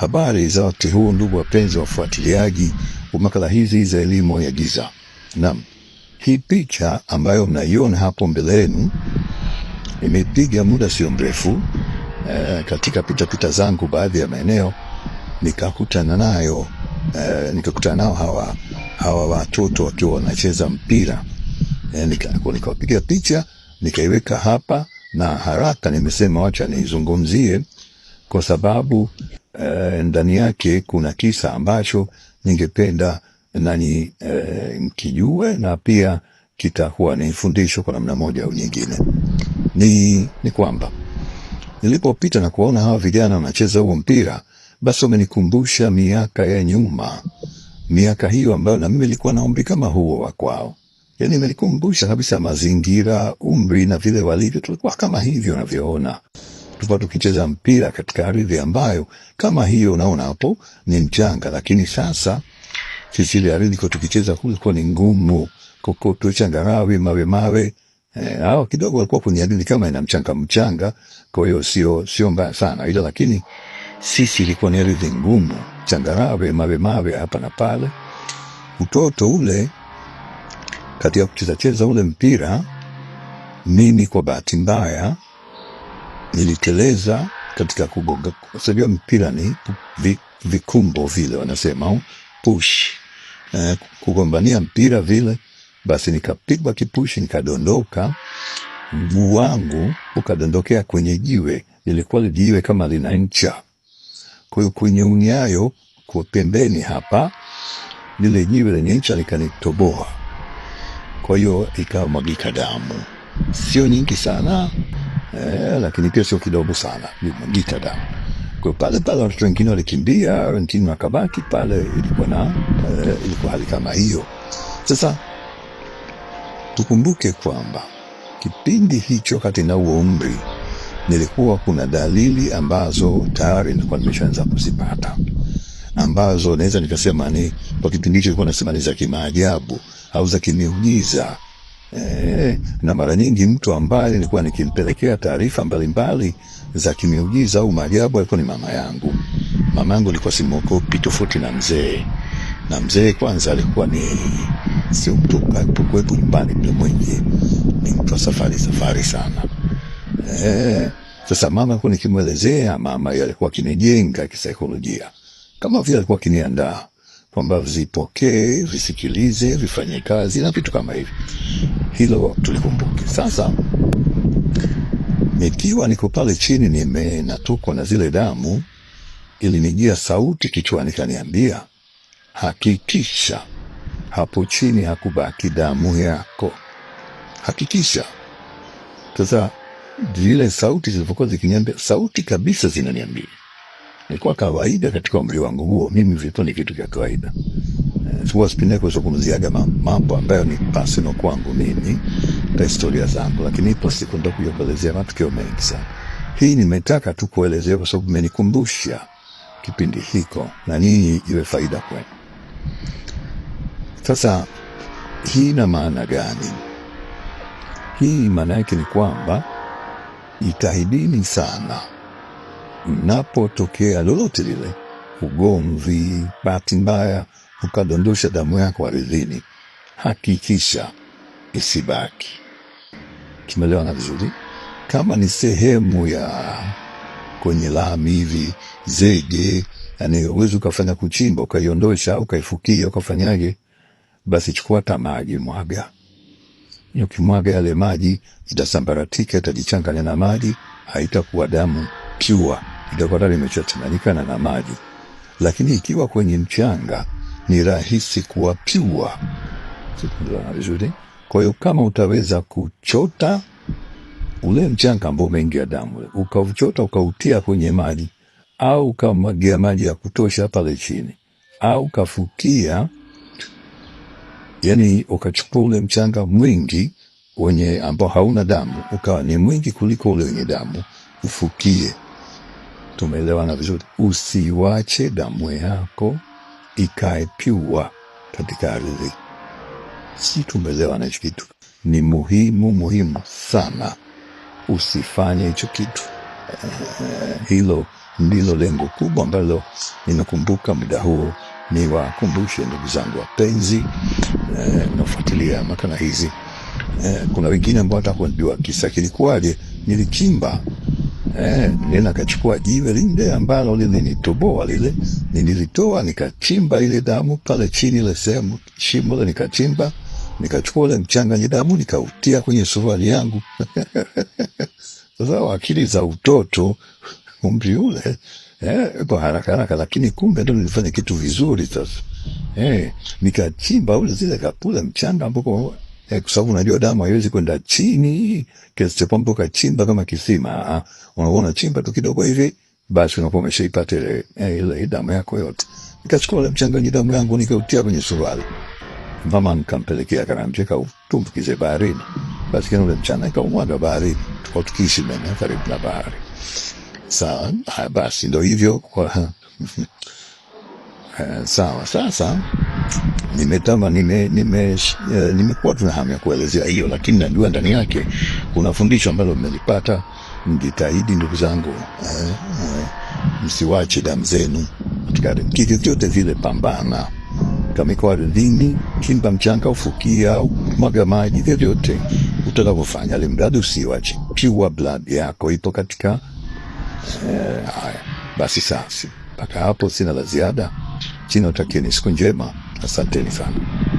Habari za wakati huu, ndugu wapenzi wa wafuatiliaji wa makala hizi za elimu ya giza. Naam, hii picha ambayo mnaiona hapo mbele yenu imepiga muda sio mrefu e, katika pitapita zangu baadhi ya maeneo nikakutana nayo e, nikakutana nao hawa hawa watoto wakiwa wanacheza mpira e, eh, nikawapiga nika picha nikaiweka hapa, na haraka nimesema wacha niizungumzie kwa sababu e, ndani yake kuna kisa ambacho ningependa nani e, eh, mkijue na pia kitakuwa ni fundisho kwa namna moja au nyingine. Ni, ni kwamba nilipopita na kuwaona hawa vijana wanacheza huo mpira, basi wamenikumbusha miaka ya nyuma, miaka hiyo ambayo na mimi nilikuwa na umri kama huo wa kwao. Yani imenikumbusha kabisa mazingira, umri na vile walivyo, tulikuwa kama hivyo unavyoona tupa tukicheza mpira katika ardhi ambayo kama hiyo unaona hapo ni mchanga, lakini sasa sisi ile ardhi kwa tukicheza kule kwa ni ngumu, koko tu changarawe mawe mawe eh, au kidogo walikuwa kwenye ardhi kama ina mchanga mchanga, kwa hiyo sio sio mbaya sana ila, lakini sisi ilikuwa ni ardhi ngumu, changarawe mawe mawe hapa na pale. Utoto ule katika kucheza cheza ule mpira, mimi kwa bahati mbaya niliteleza katika kugonga. Unajua mpira ni vikumbo vile wanasema push, eh, kugombania mpira vile. Basi nikapigwa kipushi, nikadondoka, mguu wangu ukadondokea kwenye jiwe. Lilikuwa lijiwe kama lina ncha, kwa hiyo kwenye unyayo kwa pembeni hapa, lile jiwe lenye ncha likanitoboa, kwa hiyo ikamwagika damu, sio nyingi sana eh, lakini pia sio kidogo sana, nimemwagika damu kwa pale pale. Watoto wengine walikimbia, wengine wakabaki pale. Ilikuwa na eh, ilikuwa hali kama hiyo. Sasa tukumbuke kwamba kipindi hicho, wakati na huo umri, nilikuwa kuna dalili ambazo tayari nilikuwa nimeshaanza kuzipata ambazo naweza nikasema ni kwa kipindi hicho ilikuwa nasema ni za kimaajabu au za kimiujiza E, na mara nyingi mtu ambaye nilikuwa nikimpelekea taarifa mbalimbali za kimiujiza au maajabu alikuwa ni mama yangu. Mama yangu nilikuwa simokopi, tofauti na mzee. Na mzee kwanza alikuwa ni sio mtu kuwepo nyumbani mle mwenye, ni mtu wa safari safari sana. E, sasa mama alikuwa nikimwelezea, mama alikuwa akinijenga kisaikolojia, kama vile alikuwa akiniandaa kwamba vipokee visikilize, vifanye kazi na vitu kama hivi. Hilo tulikumbuke. Sasa nikiwa niko pale chini, nimenatukwa na zile damu, ilinijia sauti kichwani, kaniambia hakikisha hapo chini hakubaki damu yako, hakikisha. Sasa zile sauti zilivyokuwa zikiniambia, sauti kabisa zinaniambia ilikuwa kawaida katika umri wangu huo. Mimi vitu ni vitu vya kawaida eh, huwa sipinde kuzungumziaga mambo ambayo ni personal kwangu mimi na historia zangu, lakini ipo siku nitakuja kuelezea matukio mengi sana. Hii nimetaka tu kuelezea kwa sababu imenikumbusha kipindi hiko na nini iwe faida kwenu. Sasa hii ina maana gani? Hii maana yake ni kwamba itahidini sana unapotokea lolote lile, ugomvi, bahati mbaya ukadondosha damu yako aridhini, hakikisha isibaki. Kimelewana vizuri? Kama ni sehemu ya kwenye lami hivi zege, yani uwezi ukafanya kuchimba ukaiondosha ukaifukia ukafanyaje, basi chukua hata maji mwaga. Ukimwaga yale maji itasambaratika, itajichanganya na maji, haitakuwa damu pure itakuwa tayari imeshachanganyikana na maji, lakini ikiwa kwenye mchanga ni rahisi kuwapiwa vizuri. Kwa hiyo kama utaweza kuchota ule mchanga ambao umeingia damu, ukauchota ukautia kwenye maji, au ukamwagia maji ya kutosha pale chini, au kafukia, yani ukachukua ule mchanga mwingi wenye ambao hauna damu, ukawa ni mwingi kuliko ule wenye damu, ufukie Tumeelewana vizuri. Usiwache damu yako ikae piwa katika ardhi, si tumeelewana? Hicho kitu ni muhimu muhimu sana, usifanye hicho kitu. Eh, hilo ndilo lengo kubwa ambalo ninakumbuka muda huo ni wakumbushe ndugu zangu wapenzi eh, nafuatilia eh, makala hizi eh, kuna wengine ambao hata kisa kilikuwaje. Nilichimba Eh, nilienda kachukua jiwe lile ambalo lilinitoboa lile, nililitoa nikachimba ile damu pale chini ile sehemu shimo ile nikachimba, nikachukua ule mchanga wenye damu nikautia kwenye suruali yangu. Sasa akili za utoto umri ule eh, kwa haraka haraka, lakini kumbe ndo nilifanya kitu vizuri. Sasa eh, nikachimba ule zile kapula mchanga ambako eh, kwa sababu unajua damu haiwezi kwenda chini kiasi cha kwamba ukachimba kama kisima. Unakuwa unachimba tu kidogo hivi, basi unakuwa umeshaipata ile eh, ile damu yako yote. Nikachukua ile mchanganyi damu yangu nikautia kwenye suruali, mama nikampelekea, kanaambia kautumbukize baharini. Basi kana ule mchana nikaumwaga baharini, tukawa tukiishi maeneo karibu na bahari. Sawa, basi ndo hivyo kwa eh, sawa. Sasa nimetama nime eh, nimekuwa nime tuna hamu ya kuelezea hiyo, lakini najua ndani yake kuna fundisho ambalo mmelipata. Mjitahidi ndugu zangu eh, eh, msiwache damu zenu katika kivyovyote vile, pambana kamikoa iko ardhini, chimba mchanga, ufukia au mwaga maji, vyovyote utakavyofanya, mradi usiwache. Pure blood yako ipo katika eh, haya. Eh, basi sasa mpaka hapo sina la ziada. Sina utakieni siku njema. Asanteni sana.